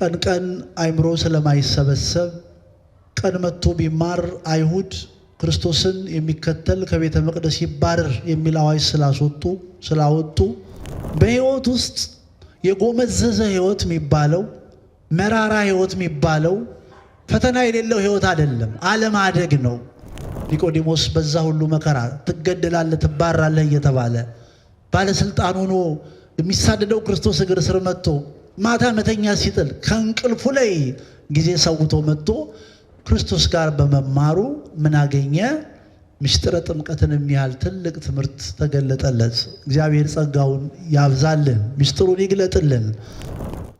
ቀን ቀን አይምሮ ስለማይሰበሰብ ቀን መጥቶ ቢማር አይሁድ ክርስቶስን የሚከተል ከቤተ መቅደስ ይባረር የሚል አዋጅ ስላስወጡ ስላወጡ በሕይወት ውስጥ የጎመዘዘ ሕይወት የሚባለው መራራ ሕይወት የሚባለው ፈተና የሌለው ሕይወት አይደለም፣ አለማደግ ነው። ኒቆዲሞስ በዛ ሁሉ መከራ ትገደላለህ፣ ትባራለህ እየተባለ ባለስልጣን ሆኖ የሚሳደደው ክርስቶስ እግር ስር መጥቶ ማታ መተኛ ሲጥል ከእንቅልፉ ላይ ጊዜ ሰውቶ መጥቶ ክርስቶስ ጋር በመማሩ ምን አገኘ? ምስጢረ ጥምቀትን የሚያህል ትልቅ ትምህርት ተገለጠለት። እግዚአብሔር ጸጋውን ያብዛልን፣ ምስጢሩን ይግለጥልን።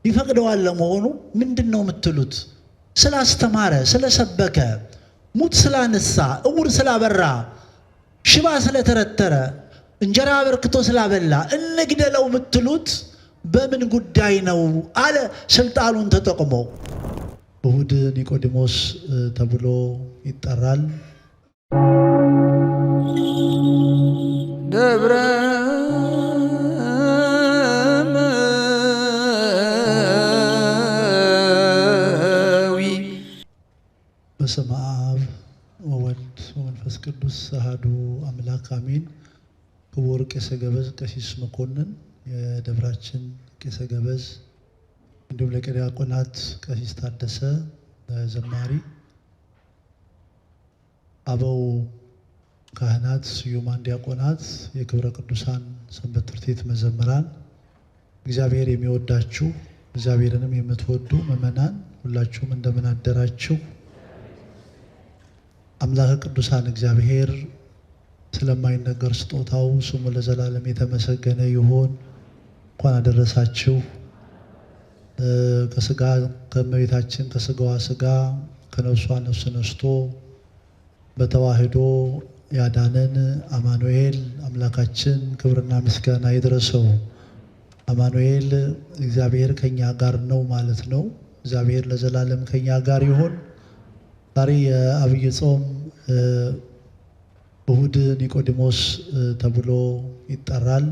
ይፈቅደዋል። ለመሆኑ ምንድን ነው የምትሉት? ስላስተማረ፣ ስለሰበከ፣ ሙት ስላነሳ፣ እውር ስላበራ፣ ሽባ ስለተረተረ፣ እንጀራ አበርክቶ ስላበላ እንግደለው የምትሉት በምን ጉዳይ ነው አለ። ስልጣኑን ተጠቅሞ እሁድ ኒቆዲሞስ ተብሎ ይጠራል። ደብረ መዊ በስመ አብ ወወልድ ወመንፈስ ቅዱስ አሐዱ አምላክ አሜን። ክቡር ቄሰ ገበዝ ቀሲስ መኮንን የደብራችን ቄሰ ገበዝ እንዲሁም ለቀዲያቆናት ቀሲስ ታደሰ ዘማሪ፣ አበው ካህናት፣ ስዩማን ዲያቆናት፣ የክብረ ቅዱሳን ሰንበት ትምህርት ቤት መዘምራን፣ እግዚአብሔር የሚወዳችሁ እግዚአብሔርንም የምትወዱ ምእመናን ሁላችሁም እንደምን አደራችሁ። አምላከ ቅዱሳን እግዚአብሔር ስለማይነገር ስጦታው ስሙ ለዘላለም የተመሰገነ ይሆን። እንኳን አደረሳችሁ። ከስጋ ከመቤታችን ከስጋዋ ስጋ ከነፍሷ ነፍስ ነስቶ በተዋህዶ ያዳነን አማኑኤል አምላካችን ክብርና ምስጋና ይድረሰው። አማኑኤል እግዚአብሔር ከኛ ጋር ነው ማለት ነው። እግዚአብሔር ለዘላለም ከኛ ጋር ይሁን። ዛሬ የአብይ ጾም እሁድ ኒቆዲሞስ ተብሎ ይጠራል።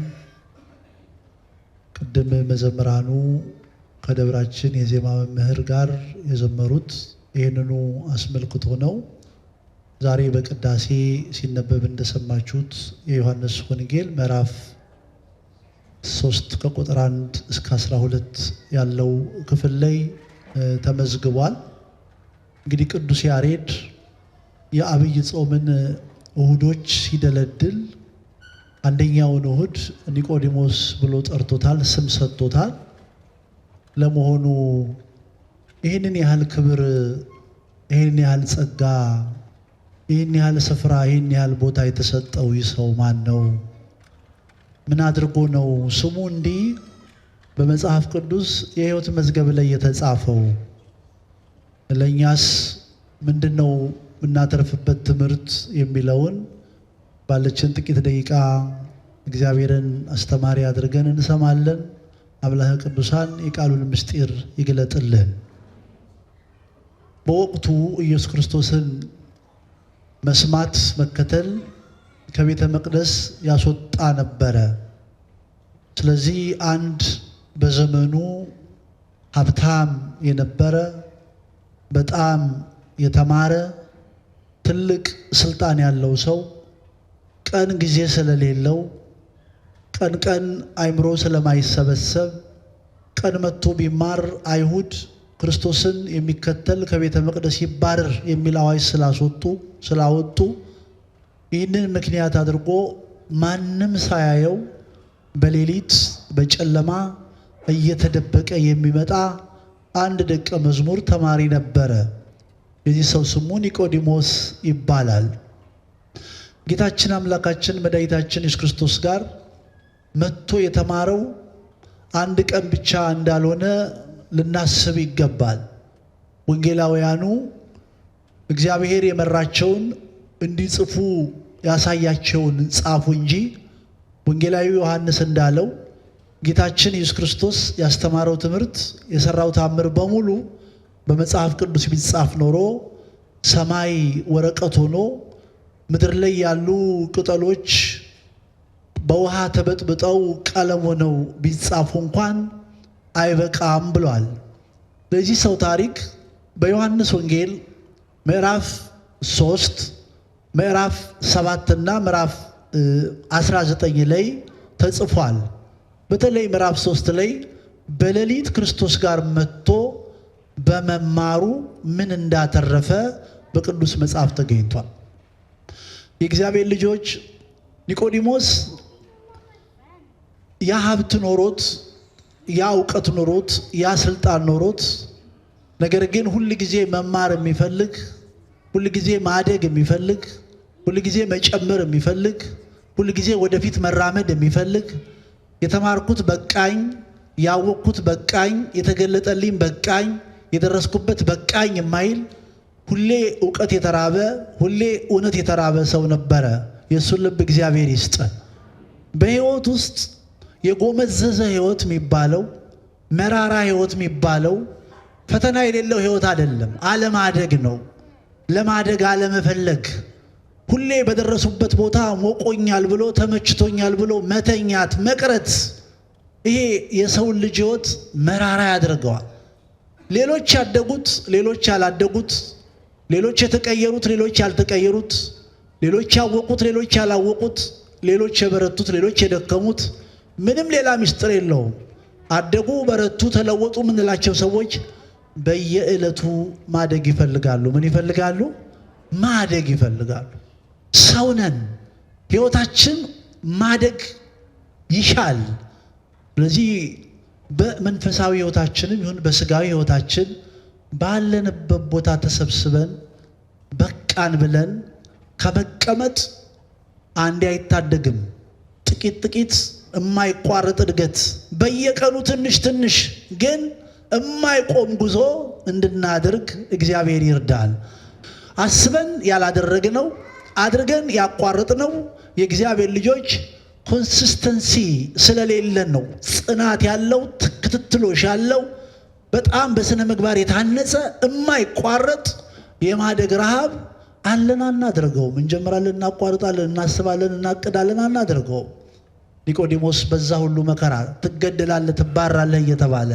ቅድም መዘምራኑ ከደብራችን የዜማ መምህር ጋር የዘመሩት ይህንኑ አስመልክቶ ነው። ዛሬ በቅዳሴ ሲነበብ እንደሰማችሁት የዮሐንስ ወንጌል ምዕራፍ ሶስት ከቁጥር አንድ እስከ አስራ ሁለት ያለው ክፍል ላይ ተመዝግቧል። እንግዲህ ቅዱስ ያሬድ የአብይ ጾምን እሁዶች ሲደለድል አንደኛውን እሁድ ኒቆዲሞስ ብሎ ጠርቶታል፣ ስም ሰጥቶታል። ለመሆኑ ይህንን ያህል ክብር፣ ይህንን ያህል ጸጋ፣ ይህን ያህል ስፍራ፣ ይህን ያህል ቦታ የተሰጠው ይህ ሰው ማን ነው? ምን አድርጎ ነው ስሙ እንዲህ በመጽሐፍ ቅዱስ የህይወት መዝገብ ላይ የተጻፈው? ለእኛስ ምንድን ነው የምናተርፍበት ትምህርት የሚለውን ባለችን ጥቂት ደቂቃ እግዚአብሔርን አስተማሪ አድርገን እንሰማለን። አምላከ ቅዱሳን የቃሉን ምስጢር ይግለጥልን። በወቅቱ ኢየሱስ ክርስቶስን መስማት መከተል ከቤተ መቅደስ ያስወጣ ነበረ። ስለዚህ አንድ በዘመኑ ሀብታም የነበረ በጣም የተማረ ትልቅ ስልጣን ያለው ሰው ቀን ጊዜ ስለሌለው ቀን ቀን አይምሮ ስለማይሰበሰብ ቀን መጥቶ ቢማር አይሁድ ክርስቶስን የሚከተል ከቤተ መቅደስ ይባረር የሚል አዋጅ ስላስወጡ ስላወጡ ይህንን ምክንያት አድርጎ ማንም ሳያየው በሌሊት በጨለማ እየተደበቀ የሚመጣ አንድ ደቀ መዝሙር ተማሪ ነበረ። የዚህ ሰው ስሙ ኒቆዲሞስ ይባላል። ጌታችን አምላካችን መድኃኒታችን ኢየሱስ ክርስቶስ ጋር መጥቶ የተማረው አንድ ቀን ብቻ እንዳልሆነ ልናስብ ይገባል። ወንጌላውያኑ እግዚአብሔር የመራቸውን እንዲጽፉ ያሳያቸውን ጻፉ እንጂ ወንጌላዊ ዮሐንስ እንዳለው ጌታችን ኢየሱስ ክርስቶስ ያስተማረው ትምህርት፣ የሰራው ታምር በሙሉ በመጽሐፍ ቅዱስ ቢጻፍ ኖሮ ሰማይ ወረቀት ሆኖ ምድር ላይ ያሉ ቅጠሎች በውሃ ተበጥብጠው ቀለም ሆነው ቢጻፉ እንኳን አይበቃም ብለዋል። በዚህ ሰው ታሪክ በዮሐንስ ወንጌል ምዕራፍ ሶስት ምዕራፍ ሰባትና ምዕራፍ 19 ላይ ተጽፏል። በተለይ ምዕራፍ ሶስት ላይ በሌሊት ክርስቶስ ጋር መጥቶ በመማሩ ምን እንዳተረፈ በቅዱስ መጽሐፍ ተገኝቷል። የእግዚአብሔር ልጆች ኒቆዲሞስ ያ ሀብት ኖሮት ያ እውቀት ኖሮት ያ ስልጣን ኖሮት ነገር ግን ሁል ጊዜ መማር የሚፈልግ ሁል ጊዜ ማደግ የሚፈልግ ሁል ጊዜ መጨመር የሚፈልግ ሁል ጊዜ ወደፊት መራመድ የሚፈልግ የተማርኩት በቃኝ፣ ያወቅኩት በቃኝ፣ የተገለጠልኝ በቃኝ፣ የደረስኩበት በቃኝ የማይል ሁሌ እውቀት የተራበ ሁሌ እውነት የተራበ ሰው ነበረ። የእሱን ልብ እግዚአብሔር ይስጥ። በሕይወት ውስጥ የጎመዘዘ ሕይወት የሚባለው መራራ ሕይወት የሚባለው ፈተና የሌለው ሕይወት አይደለም፣ አለማደግ ነው። ለማደግ አለመፈለግ፣ ሁሌ በደረሱበት ቦታ ሞቆኛል ብሎ ተመችቶኛል ብሎ መተኛት፣ መቅረት፣ ይሄ የሰውን ልጅ ሕይወት መራራ ያደርገዋል። ሌሎች ያደጉት ሌሎች ያላደጉት ሌሎች የተቀየሩት፣ ሌሎች ያልተቀየሩት፣ ሌሎች ያወቁት፣ ሌሎች ያላወቁት፣ ሌሎች የበረቱት፣ ሌሎች የደከሙት ምንም ሌላ ምስጢር የለውም። አደጉ፣ በረቱ፣ ተለወጡ የምንላቸው ሰዎች በየዕለቱ ማደግ ይፈልጋሉ። ምን ይፈልጋሉ? ማደግ ይፈልጋሉ። ሰውነን ሕይወታችን ማደግ ይሻል። ስለዚህ በመንፈሳዊ ሕይወታችንም ይሁን በስጋዊ ሕይወታችን ባለንበት ቦታ ተሰብስበን በቃን ብለን ከመቀመጥ አንዴ አይታደግም። ጥቂት ጥቂት የማይቋረጥ እድገት በየቀኑ ትንሽ ትንሽ ግን የማይቆም ጉዞ እንድናደርግ እግዚአብሔር ይርዳል። አስበን ያላደረግነው አድርገን ያቋረጥነው የእግዚአብሔር ልጆች ኮንሲስተንሲ ስለሌለን ነው። ጽናት ያለው ክትትሎሽ ያለው በጣም በስነ ምግባር የታነጸ የማይቋረጥ የማደግ ረሃብ አለን። አናድርገውም። እንጀምራለን፣ እናቋርጣለን፣ እናስባለን፣ እናቅዳለን። አናድርገውም። ኒቆዲሞስ በዛ ሁሉ መከራ ትገደላለህ፣ ትባራለህ እየተባለ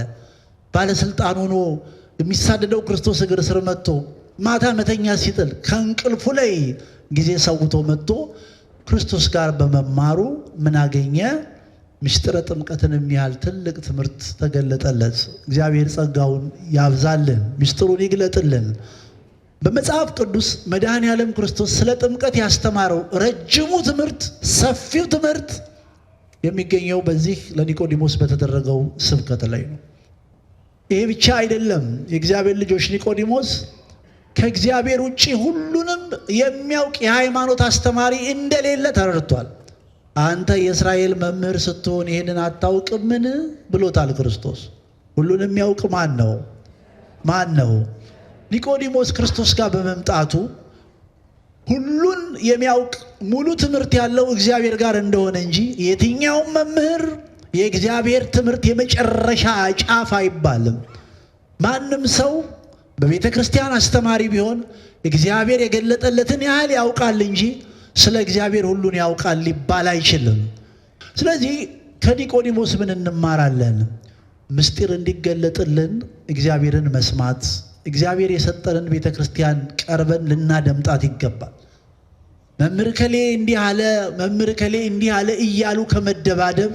ባለስልጣን ሆኖ የሚሳደደው ክርስቶስ እግር ስር መጥቶ ማታ መተኛ ሲጥል ከእንቅልፉ ላይ ጊዜ ሰውቶ መጥቶ ክርስቶስ ጋር በመማሩ ምን አገኘ? ምስጢረ ጥምቀትን ያህል ትልቅ ትምህርት ተገለጠለት። እግዚአብሔር ጸጋውን ያብዛልን፣ ምስጢሩን ይግለጥልን። በመጽሐፍ ቅዱስ መድኃኔ ዓለም ክርስቶስ ስለ ጥምቀት ያስተማረው ረጅሙ ትምህርት፣ ሰፊው ትምህርት የሚገኘው በዚህ ለኒቆዲሞስ በተደረገው ስብከት ላይ ነው። ይሄ ብቻ አይደለም። የእግዚአብሔር ልጆች ኒቆዲሞስ ከእግዚአብሔር ውጭ ሁሉንም የሚያውቅ የሃይማኖት አስተማሪ እንደሌለ ተረድቷል። አንተ የእስራኤል መምህር ስትሆን ይህንን አታውቅምን ብሎታል ክርስቶስ። ሁሉን የሚያውቅ ማን ነው? ማን ነው? ኒቆዲሞስ ክርስቶስ ጋር በመምጣቱ ሁሉን የሚያውቅ ሙሉ ትምህርት ያለው እግዚአብሔር ጋር እንደሆነ እንጂ የትኛውም መምህር የእግዚአብሔር ትምህርት የመጨረሻ ጫፍ አይባልም። ማንም ሰው በቤተ ክርስቲያን አስተማሪ ቢሆን እግዚአብሔር የገለጠለትን ያህል ያውቃል እንጂ ስለ እግዚአብሔር ሁሉን ያውቃል ሊባል አይችልም። ስለዚህ ከኒቆዲሞስ ምን እንማራለን? ምስጢር እንዲገለጥልን እግዚአብሔርን መስማት፣ እግዚአብሔር የሰጠንን ቤተ ክርስቲያን ቀርበን ልናደምጣት ይገባል። መምህር ከሌ እንዲህ አለ፣ መምህር ከሌ እንዲህ አለ እያሉ ከመደባደብ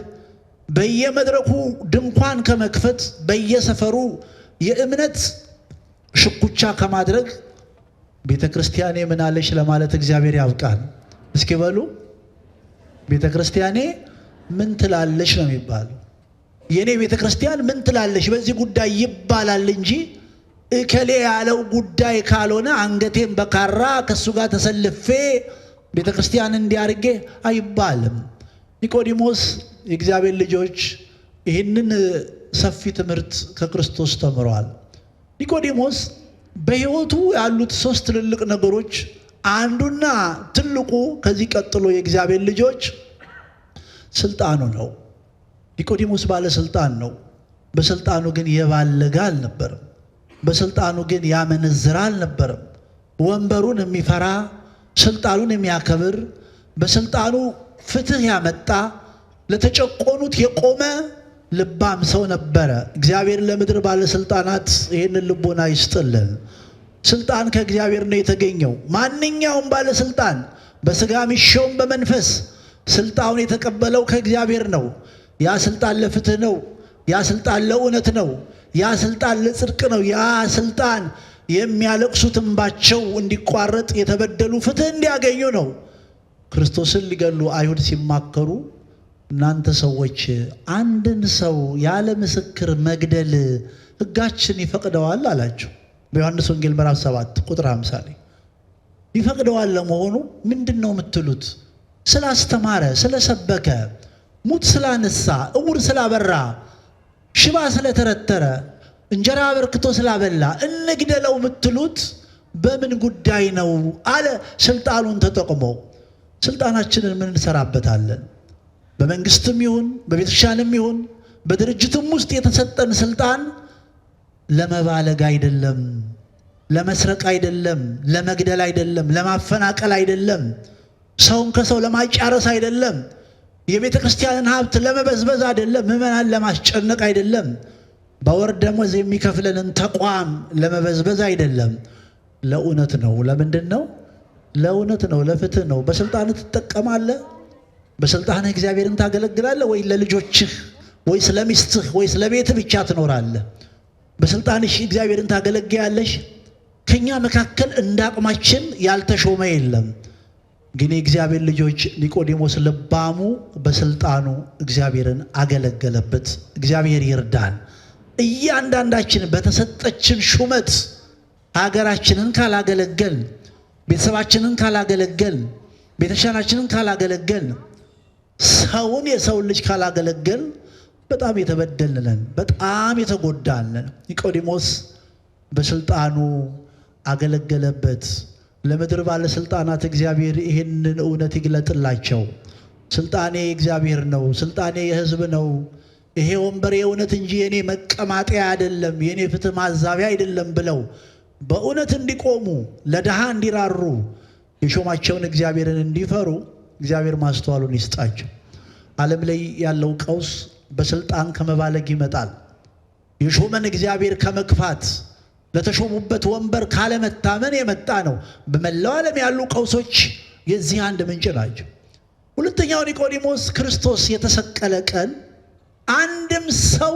በየመድረኩ ድንኳን ከመክፈት በየሰፈሩ የእምነት ሽኩቻ ከማድረግ ቤተ ክርስቲያን የምናለች ለማለት እግዚአብሔር ያብቃል። እስኪ በሉ ቤተ ክርስቲያኔ ምን ትላለች ነው የሚባለው። የእኔ ቤተ ክርስቲያን ምን ትላለች በዚህ ጉዳይ ይባላል እንጂ እከሌ ያለው ጉዳይ ካልሆነ አንገቴን በካራ ከእሱ ጋር ተሰልፌ ቤተ ክርስቲያን እንዲያርጌ አይባልም። ኒቆዲሞስ የእግዚአብሔር ልጆች ይህንን ሰፊ ትምህርት ከክርስቶስ ተምረዋል። ኒቆዲሞስ በሕይወቱ ያሉት ሦስት ትልልቅ ነገሮች አንዱና ትልቁ ከዚህ ቀጥሎ የእግዚአብሔር ልጆች ስልጣኑ ነው። ኒቆዲሞስ ባለስልጣን ነው። በስልጣኑ ግን የባለገ አልነበርም። በስልጣኑ ግን ያመነዝር አልነበርም። ወንበሩን የሚፈራ ስልጣኑን የሚያከብር በስልጣኑ ፍትህ ያመጣ ለተጨቆኑት የቆመ ልባም ሰው ነበረ። እግዚአብሔር ለምድር ባለስልጣናት ይህንን ልቦና ይስጥልን። ስልጣን ከእግዚአብሔር ነው የተገኘው። ማንኛውም ባለስልጣን በስጋ ሚሾም በመንፈስ ስልጣኑን የተቀበለው ከእግዚአብሔር ነው። ያ ስልጣን ለፍትህ ነው። ያ ስልጣን ለእውነት ነው። ያ ስልጣን ለጽድቅ ነው። ያ ስልጣን የሚያለቅሱት እንባቸው እንዲቋረጥ የተበደሉ ፍትህ እንዲያገኙ ነው። ክርስቶስን ሊገሉ አይሁድ ሲማከሩ እናንተ ሰዎች አንድን ሰው ያለ ምስክር መግደል ሕጋችን ይፈቅደዋል አላቸው። በዮሐንስ ወንጌል ምዕራፍ 7 ቁጥር 50 ላይ ይፈቅደዋል። ለመሆኑ ምንድን ነው የምትሉት? ስላስተማረ፣ ስለሰበከ፣ ሙት ስላነሳ፣ እውር ስላበራ፣ ሽባ ስለተረተረ፣ እንጀራ አበርክቶ ስላበላ እንግደለው የምትሉት በምን ጉዳይ ነው አለ። ስልጣኑን ተጠቅሞ ስልጣናችንን ምን እንሰራበታለን? በመንግስትም ይሁን በቤተክርስቲያንም ይሁን በድርጅትም ውስጥ የተሰጠን ስልጣን ለመባለግ አይደለም፣ ለመስረቅ አይደለም፣ ለመግደል አይደለም፣ ለማፈናቀል አይደለም፣ ሰውን ከሰው ለማጫረስ አይደለም፣ የቤተ ክርስቲያንን ሀብት ለመበዝበዝ አይደለም፣ ምዕመናን ለማስጨነቅ አይደለም፣ በወር ደመወዝ የሚከፍለንን ተቋም ለመበዝበዝ አይደለም። ለእውነት ነው። ለምንድን ነው? ለእውነት ነው። ለፍትህ ነው። በስልጣን ትጠቀማለህ። በስልጣንህ እግዚአብሔርን ታገለግላለህ ወይ? ለልጆችህ ወይስ ለሚስትህ ወይስ ለቤትህ ብቻ ትኖራለህ? በስልጣንሽ እግዚአብሔርን ታገለግያለሽ። ከኛ መካከል እንዳቅማችን ያልተሾመ የለም። ግን የእግዚአብሔር ልጆች ኒቆዲሞስ ልባሙ በስልጣኑ እግዚአብሔርን አገለገለበት። እግዚአብሔር ይርዳን። እያንዳንዳችን በተሰጠችን ሹመት ሀገራችንን ካላገለገል፣ ቤተሰባችንን ካላገለገል፣ ቤተሻናችንን ካላገለገል፣ ሰውን የሰውን ልጅ ካላገለገል በጣም የተበደልነን፣ በጣም የተጎዳለን። ኒቆዲሞስ በስልጣኑ አገለገለበት። ለምድር ባለስልጣናት እግዚአብሔር ይህንን እውነት ይግለጥላቸው። ስልጣኔ እግዚአብሔር ነው፣ ስልጣኔ የህዝብ ነው። ይሄ ወንበር የእውነት እንጂ የኔ መቀማጠያ አይደለም፣ የኔ ፍትህ ማዛቢያ አይደለም ብለው በእውነት እንዲቆሙ፣ ለድሃ እንዲራሩ፣ የሾማቸውን እግዚአብሔርን እንዲፈሩ እግዚአብሔር ማስተዋሉን ይስጣቸው። ዓለም ላይ ያለው ቀውስ በስልጣን ከመባለግ ይመጣል። የሾመን እግዚአብሔር ከመግፋት ለተሾሙበት ወንበር ካለመታመን የመጣ ነው። በመላው ዓለም ያሉ ቀውሶች የዚህ አንድ ምንጭ ናቸው። ሁለተኛው ኒቆዲሞስ ክርስቶስ የተሰቀለ ቀን አንድም ሰው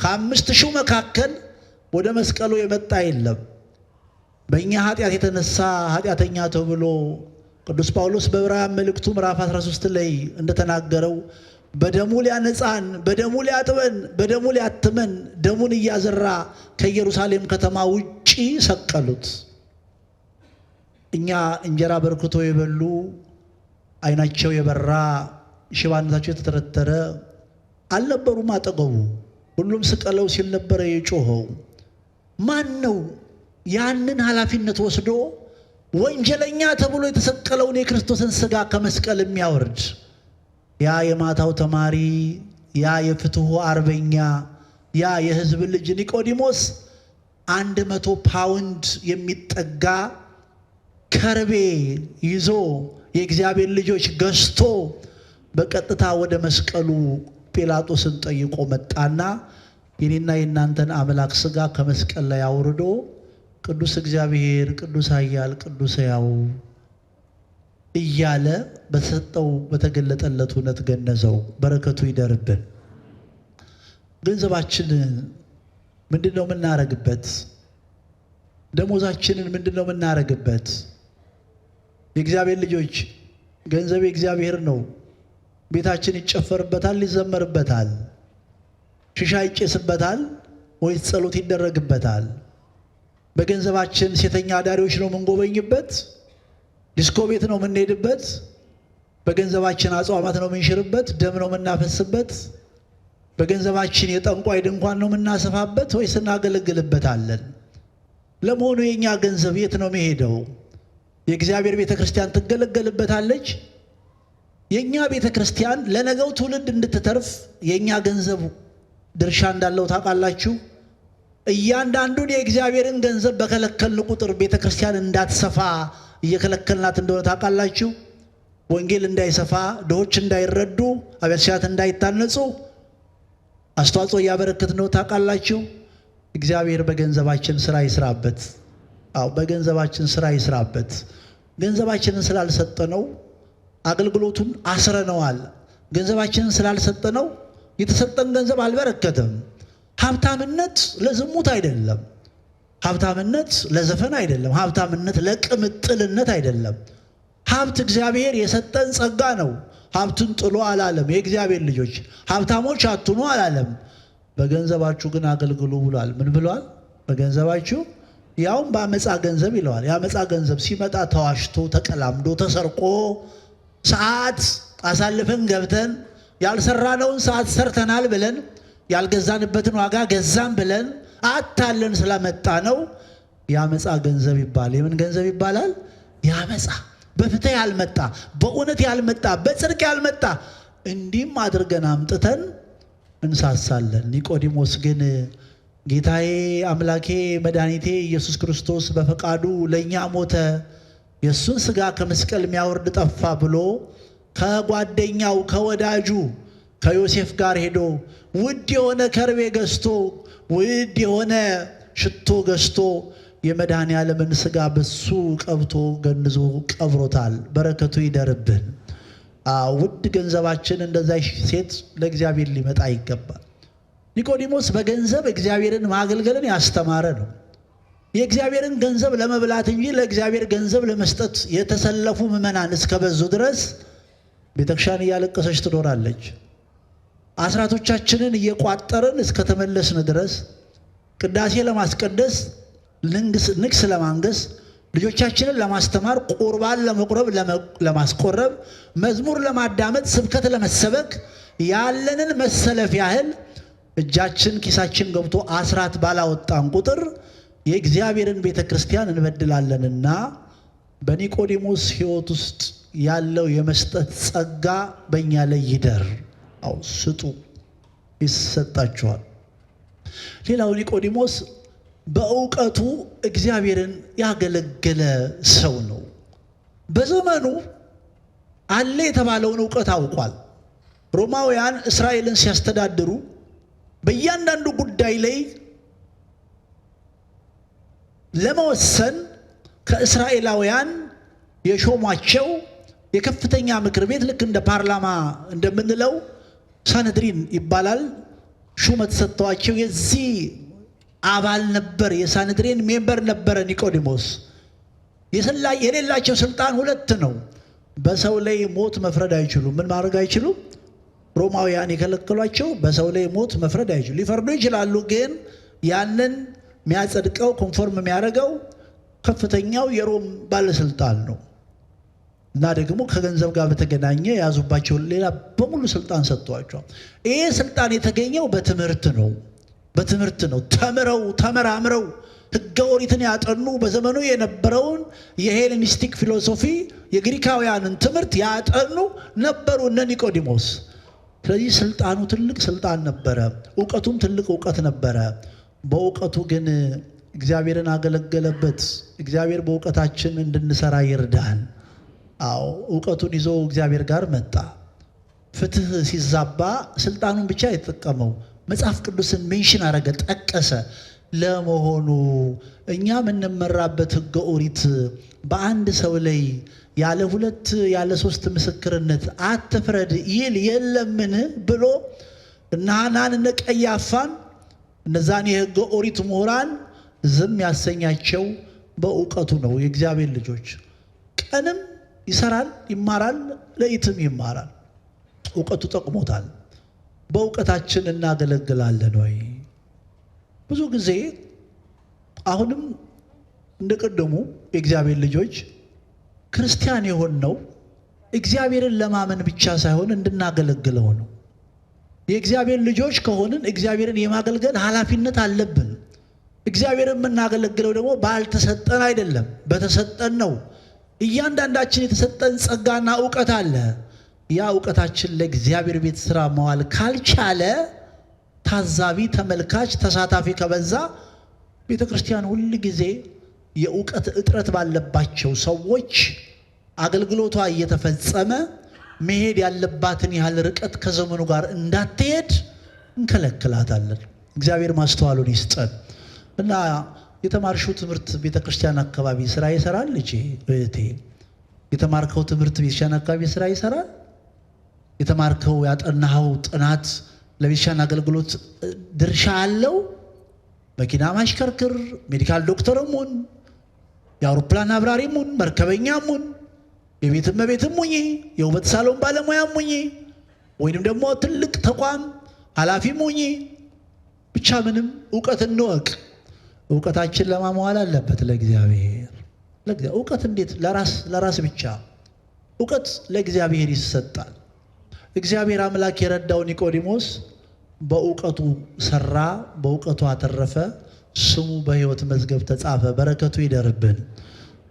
ከአምስት ሺው መካከል ወደ መስቀሉ የመጣ የለም። በእኛ ኃጢአት የተነሳ ኃጢአተኛ ተብሎ ቅዱስ ጳውሎስ በዕብራውያን መልእክቱ ምዕራፍ 13 ላይ እንደተናገረው በደሙ ሊያነጻን፣ በደሙ ሊያጥበን፣ በደሙ ሊያትመን ደሙን እያዘራ ከኢየሩሳሌም ከተማ ውጪ ሰቀሉት። እኛ እንጀራ በርክቶ የበሉ ዓይናቸው የበራ ሽባነታቸው የተተረተረ አልነበሩም አጠገቡ። ሁሉም ስቀለው ሲል ነበረ የጮኸው። ማን ነው ያንን ኃላፊነት ወስዶ ወንጀለኛ ተብሎ የተሰቀለውን የክርስቶስን ስጋ ከመስቀል የሚያወርድ? ያ የማታው ተማሪ፣ ያ የፍትሁ አርበኛ፣ ያ የህዝብ ልጅ ኒቆዲሞስ አንድ መቶ ፓውንድ የሚጠጋ ከርቤ ይዞ የእግዚአብሔር ልጆች ገዝቶ በቀጥታ ወደ መስቀሉ ጲላጦስን ጠይቆ መጣና የኔና የእናንተን አምላክ ስጋ ከመስቀል ላይ አውርዶ ቅዱስ እግዚአብሔር፣ ቅዱስ ኃያል፣ ቅዱስ ሕያው እያለ በተሰጠው በተገለጠለት እውነት ገነዘው። በረከቱ ይደርብን። ገንዘባችን ምንድን ነው የምናረግበት? ደሞዛችንን ምንድን ነው የምናረግበት? የእግዚአብሔር ልጆች ገንዘብ የእግዚአብሔር ነው። ቤታችን ይጨፈርበታል፣ ይዘመርበታል፣ ሽሻ ይጨስበታል፣ ወይስ ጸሎት ይደረግበታል? በገንዘባችን ሴተኛ አዳሪዎች ነው የምንጎበኝበት ዲስኮ ቤት ነው የምንሄድበት፣ በገንዘባችን አጽዋማት ነው የምንሽርበት፣ ደም ነው የምናፈስበት፣ በገንዘባችን የጠንቋይ ድንኳን ነው የምናሰፋበት ወይስ እናገለግልበታለን? ለመሆኑ የእኛ ገንዘብ የት ነው የሚሄደው? የእግዚአብሔር ቤተ ክርስቲያን ትገለገልበታለች? የእኛ ቤተ ክርስቲያን ለነገው ትውልድ እንድትተርፍ የእኛ ገንዘብ ድርሻ እንዳለው ታውቃላችሁ? እያንዳንዱን የእግዚአብሔርን ገንዘብ በከለከልን ቁጥር ቤተ ክርስቲያን እንዳትሰፋ እየከለከልናት እንደሆነ ታውቃላችሁ። ወንጌል እንዳይሰፋ፣ ድሆች እንዳይረዱ፣ አብያተ ክርስቲያናት እንዳይታነጹ አስተዋጽኦ እያበረከት ነው ታውቃላችሁ። እግዚአብሔር በገንዘባችን ስራ ይስራበት። አዎ በገንዘባችን ስራ ይስራበት። ገንዘባችንን ስላልሰጠነው አገልግሎቱን አስረነዋል። ገንዘባችንን ስላልሰጠነው የተሰጠን ገንዘብ አልበረከተም። ሀብታምነት ለዝሙት አይደለም። ሀብታምነት ለዘፈን አይደለም። ሀብታምነት ለቅምጥልነት አይደለም። ሀብት እግዚአብሔር የሰጠን ጸጋ ነው። ሀብትን ጥሎ አላለም። የእግዚአብሔር ልጆች ሀብታሞች አትኑ አላለም። በገንዘባችሁ ግን አገልግሉ ብሏል። ምን ብሏል? በገንዘባችሁ ያውም በአመፃ ገንዘብ ይለዋል። የአመፃ ገንዘብ ሲመጣ ተዋሽቶ፣ ተቀላምዶ፣ ተሰርቆ ሰዓት አሳልፈን ገብተን ያልሰራነውን ሰዓት ሰርተናል ብለን ያልገዛንበትን ዋጋ ገዛን ብለን አታለን ስለመጣ ነው። ያመፃ ገንዘብ ይባል። የምን ገንዘብ ይባላል? ያመፃ በፍትህ ያልመጣ በእውነት ያልመጣ በጽድቅ ያልመጣ እንዲህም አድርገን አምጥተን እንሳሳለን። ኒቆዲሞስ ግን ጌታዬ አምላኬ መድኃኒቴ ኢየሱስ ክርስቶስ በፈቃዱ ለእኛ ሞተ፣ የእሱን ሥጋ ከመስቀል የሚያወርድ ጠፋ ብሎ ከጓደኛው ከወዳጁ ከዮሴፍ ጋር ሄዶ ውድ የሆነ ከርቤ ገዝቶ ውድ የሆነ ሽቶ ገዝቶ የመድኃኔ ዓለምን ሥጋ በሱ ቀብቶ ገንዞ ቀብሮታል። በረከቱ ይደርብን። ውድ ገንዘባችን እንደዛ ሴት ለእግዚአብሔር ሊመጣ ይገባል። ኒቆዲሞስ በገንዘብ እግዚአብሔርን ማገልገልን ያስተማረ ነው። የእግዚአብሔርን ገንዘብ ለመብላት እንጂ ለእግዚአብሔር ገንዘብ ለመስጠት የተሰለፉ ምዕመናን እስከበዙ ድረስ ቤተክርስቲያን እያለቀሰች ትኖራለች። አስራቶቻችንን እየቋጠርን እስከተመለስን ድረስ ቅዳሴ ለማስቀደስ ንግስ ለማንገስ ልጆቻችንን ለማስተማር ቁርባን ለመቁረብ ለማስቆረብ መዝሙር ለማዳመጥ ስብከት ለመሰበክ ያለንን መሰለፍ ያህል እጃችን ኪሳችን ገብቶ አስራት ባላወጣን ቁጥር የእግዚአብሔርን ቤተ ክርስቲያን እንበድላለንና በኒቆዲሞስ ሕይወት ውስጥ ያለው የመስጠት ጸጋ በእኛ ላይ ይደር። አው ስጡ ይሰጣችኋል። ሌላው ኒቆዲሞስ በእውቀቱ እግዚአብሔርን ያገለገለ ሰው ነው። በዘመኑ አለ የተባለውን እውቀት አውቋል። ሮማውያን እስራኤልን ሲያስተዳድሩ በእያንዳንዱ ጉዳይ ላይ ለመወሰን ከእስራኤላውያን የሾሟቸው የከፍተኛ ምክር ቤት ልክ እንደ ፓርላማ እንደምንለው ሳንድሪን ይባላል። ሹመት ሰጥተዋቸው የዚህ አባል ነበር፣ የሳንድሪን ሜምበር ነበረ ኒቆዲሞስ። የሌላቸው ስልጣን ሁለት ነው። በሰው ላይ ሞት መፍረድ አይችሉም። ምን ማድረግ አይችሉም? ሮማውያን የከለከሏቸው በሰው ላይ ሞት መፍረድ አይችሉም። ሊፈርዱ ይችላሉ፣ ግን ያንን የሚያጸድቀው ኮንፎርም የሚያደርገው ከፍተኛው የሮም ባለስልጣን ነው። እና ደግሞ ከገንዘብ ጋር በተገናኘ የያዙባቸውን ሌላ በሙሉ ስልጣን ሰጥተዋቸዋል። ይሄ ስልጣን የተገኘው በትምህርት ነው፣ በትምህርት ነው። ተምረው ተመራምረው ሕገ ኦሪትን ያጠኑ በዘመኑ የነበረውን የሄሌኒስቲክ ፊሎሶፊ የግሪካውያንን ትምህርት ያጠኑ ነበሩ እነ ኒቆዲሞስ። ስለዚህ ስልጣኑ ትልቅ ስልጣን ነበረ፣ እውቀቱም ትልቅ እውቀት ነበረ። በእውቀቱ ግን እግዚአብሔርን አገለገለበት። እግዚአብሔር በእውቀታችን እንድንሰራ ይርዳል። አዎ እውቀቱን ይዞ እግዚአብሔር ጋር መጣ። ፍትህ ሲዛባ ስልጣኑን ብቻ የተጠቀመው መጽሐፍ ቅዱስን ሜንሽን አረገ፣ ጠቀሰ። ለመሆኑ እኛ የምንመራበት ህገ ኦሪት በአንድ ሰው ላይ ያለ ሁለት ያለ ሶስት ምስክርነት አትፍረድ ይል የለምን ብሎ እነ ሐናን እነ ቀያፋን እነዛን የህገ ኦሪት ምሁራን ዝም ያሰኛቸው በእውቀቱ ነው። የእግዚአብሔር ልጆች ቀንም ይሰራል፣ ይማራል፣ ለይትም ይማራል። እውቀቱ ጠቅሞታል። በእውቀታችን እናገለግላለን ወይ? ብዙ ጊዜ አሁንም እንደቀደሙ የእግዚአብሔር ልጆች ክርስቲያን የሆን ነው እግዚአብሔርን ለማመን ብቻ ሳይሆን እንድናገለግለው ነው። የእግዚአብሔር ልጆች ከሆንን እግዚአብሔርን የማገልገል ኃላፊነት አለብን። እግዚአብሔርን የምናገለግለው ደግሞ ባልተሰጠን አይደለም፣ በተሰጠን ነው። እያንዳንዳችን የተሰጠን ጸጋና እውቀት አለ። ያ እውቀታችን ለእግዚአብሔር ቤት ስራ መዋል ካልቻለ ታዛቢ፣ ተመልካች፣ ተሳታፊ ከበዛ ቤተ ክርስቲያን ሁል ጊዜ የእውቀት እጥረት ባለባቸው ሰዎች አገልግሎቷ እየተፈጸመ መሄድ ያለባትን ያህል ርቀት ከዘመኑ ጋር እንዳትሄድ እንከለክላታለን። እግዚአብሔር ማስተዋሉን ይስጠን እና የተማርሽው ትምህርት ቤተክርስቲያን አካባቢ ስራ ይሰራል? ልጅ እህቴ፣ የተማርከው ትምህርት ቤተክርስቲያን አካባቢ ስራ ይሰራል? የተማርከው ያጠናኸው ጥናት ለቤተክርስቲያን አገልግሎት ድርሻ አለው? መኪና ማሽከርክር፣ ሜዲካል ዶክተርም ሁን፣ የአውሮፕላን አብራሪም ሁን፣ መርከበኛ ሁን፣ የቤት እመቤት ሙኝ የውበት ሳሎን ባለሙያ ሙኝ ወይንም ደግሞ ትልቅ ተቋም ኃላፊ ሙኝ ብቻ ምንም እውቀት እንወቅ እውቀታችን ለማሟል አለበት ለእግዚአብሔር እውቀት እንዴት ለራስ ብቻ እውቀት ለእግዚአብሔር ይሰጣል። እግዚአብሔር አምላክ የረዳው ኒቆዲሞስ በእውቀቱ ሰራ፣ በእውቀቱ አተረፈ፣ ስሙ በህይወት መዝገብ ተጻፈ። በረከቱ ይደርብን።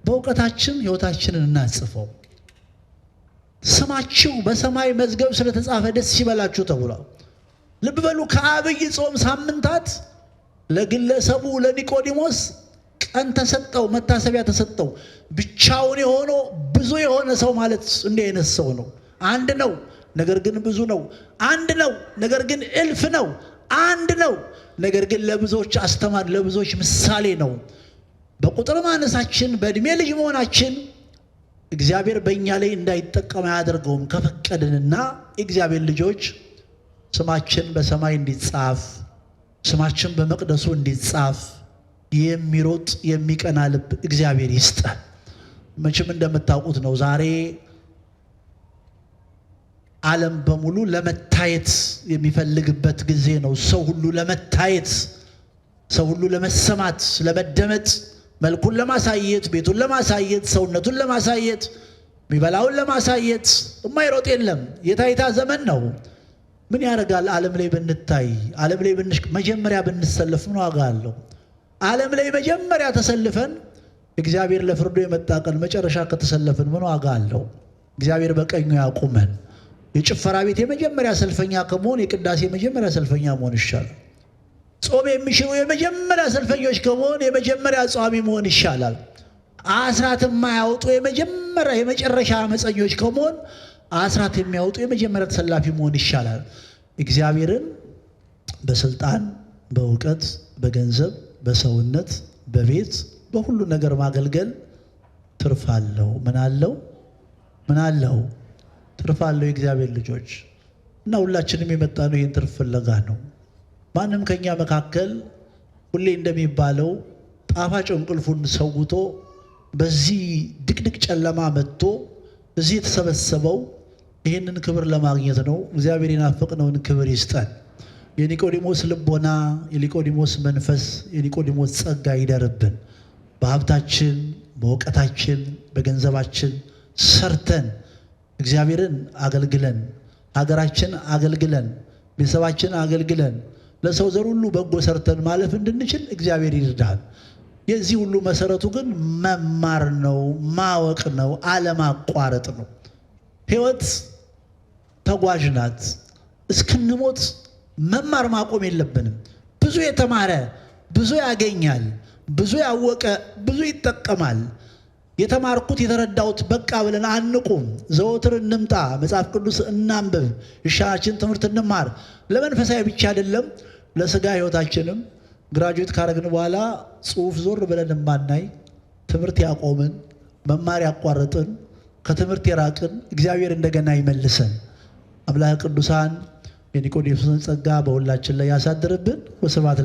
በእውቀታችን ህይወታችንን እናጽፈው። ስማችሁ በሰማይ መዝገብ ስለተጻፈ ደስ ይበላችሁ ተብሏል። ልብ በሉ ከአብይ ጾም ሳምንታት ለግለሰቡ ለኒቆዲሞስ ቀን ተሰጠው፣ መታሰቢያ ተሰጠው። ብቻውን የሆነ ብዙ የሆነ ሰው ማለት እንዲህ አይነት ሰው ነው። አንድ ነው፣ ነገር ግን ብዙ ነው። አንድ ነው፣ ነገር ግን እልፍ ነው። አንድ ነው፣ ነገር ግን ለብዙዎች አስተማሪ፣ ለብዙዎች ምሳሌ ነው። በቁጥር ማነሳችን በእድሜ ልጅ መሆናችን እግዚአብሔር በእኛ ላይ እንዳይጠቀም አያደርገውም። ከፈቀድንና የእግዚአብሔር ልጆች ስማችን በሰማይ እንዲጻፍ ስማችን በመቅደሱ እንዲጻፍ የሚሮጥ የሚቀና ልብ እግዚአብሔር ይስጠ። መቼም እንደምታውቁት ነው ዛሬ ዓለም በሙሉ ለመታየት የሚፈልግበት ጊዜ ነው። ሰው ሁሉ ለመታየት፣ ሰው ሁሉ ለመሰማት፣ ለመደመጥ፣ መልኩን ለማሳየት፣ ቤቱን ለማሳየት፣ ሰውነቱን ለማሳየት፣ የሚበላውን ለማሳየት የማይሮጥ የለም። የታይታ ዘመን ነው። ምን ያደርጋል? ዓለም ላይ ብንታይ፣ ዓለም ላይ መጀመሪያ ብንሰለፍ ምን ዋጋ አለው? ዓለም ላይ መጀመሪያ ተሰልፈን እግዚአብሔር ለፍርዱ የመጣ ቀን መጨረሻ ከተሰለፍን ምን ዋጋ አለው? እግዚአብሔር በቀኙ ያቁመን። የጭፈራ ቤት የመጀመሪያ ሰልፈኛ ከመሆን የቅዳሴ የመጀመሪያ ሰልፈኛ መሆን ይሻላል። ጾም የሚሽሩ የመጀመሪያ ሰልፈኞች ከመሆን የመጀመሪያ ጸዋሚ መሆን ይሻላል። አስራት የማያወጡ የመጀመሪያ የመጨረሻ አመፀኞች ከመሆን አስራት የሚያወጡ የመጀመሪያ ተሰላፊ መሆን ይሻላል። እግዚአብሔርን በስልጣን በእውቀት በገንዘብ በሰውነት በቤት በሁሉ ነገር ማገልገል ትርፍ አለው። ምን አለው? ምን አለው? ትርፍ አለው። የእግዚአብሔር ልጆች እና ሁላችንም የመጣ ነው ይህን ትርፍ ፍለጋ ነው። ማንም ከኛ መካከል ሁሌ እንደሚባለው ጣፋጭ እንቅልፉን ሰውቶ በዚህ ድቅድቅ ጨለማ መጥቶ እዚህ የተሰበሰበው ይህንን ክብር ለማግኘት ነው። እግዚአብሔር የናፈቅነውን ክብር ይስጠን። የኒቆዲሞስ ልቦና፣ የኒቆዲሞስ መንፈስ፣ የኒቆዲሞስ ጸጋ ይደርብን። በሀብታችን፣ በእውቀታችን፣ በገንዘባችን ሰርተን እግዚአብሔርን አገልግለን ሀገራችን አገልግለን ቤተሰባችን አገልግለን ለሰው ዘር ሁሉ በጎ ሰርተን ማለፍ እንድንችል እግዚአብሔር ይርዳል። የዚህ ሁሉ መሰረቱ ግን መማር ነው፣ ማወቅ ነው፣ አለማቋረጥ ነው ህይወት ተጓዥ ናት። እስክንሞት መማር ማቆም የለብንም። ብዙ የተማረ ብዙ ያገኛል፣ ብዙ ያወቀ ብዙ ይጠቀማል። የተማርኩት የተረዳሁት በቃ ብለን አንቁም። ዘወትር እንምጣ፣ መጽሐፍ ቅዱስ እናንብብ፣ እሻችን ትምህርት እንማር። ለመንፈሳዊ ብቻ አይደለም ለስጋ ህይወታችንም ግራጁዌት ካረግን በኋላ ጽሁፍ ዞር ብለን የማናይ ትምህርት ያቆምን መማር ያቋረጥን ከትምህርት የራቅን እግዚአብሔር እንደገና ይመልሰን። አብላህ ቅዱሳን የኒቆዲሞስን ጸጋ በሁላችን ላይ ያሳድርብን። ወስብሐት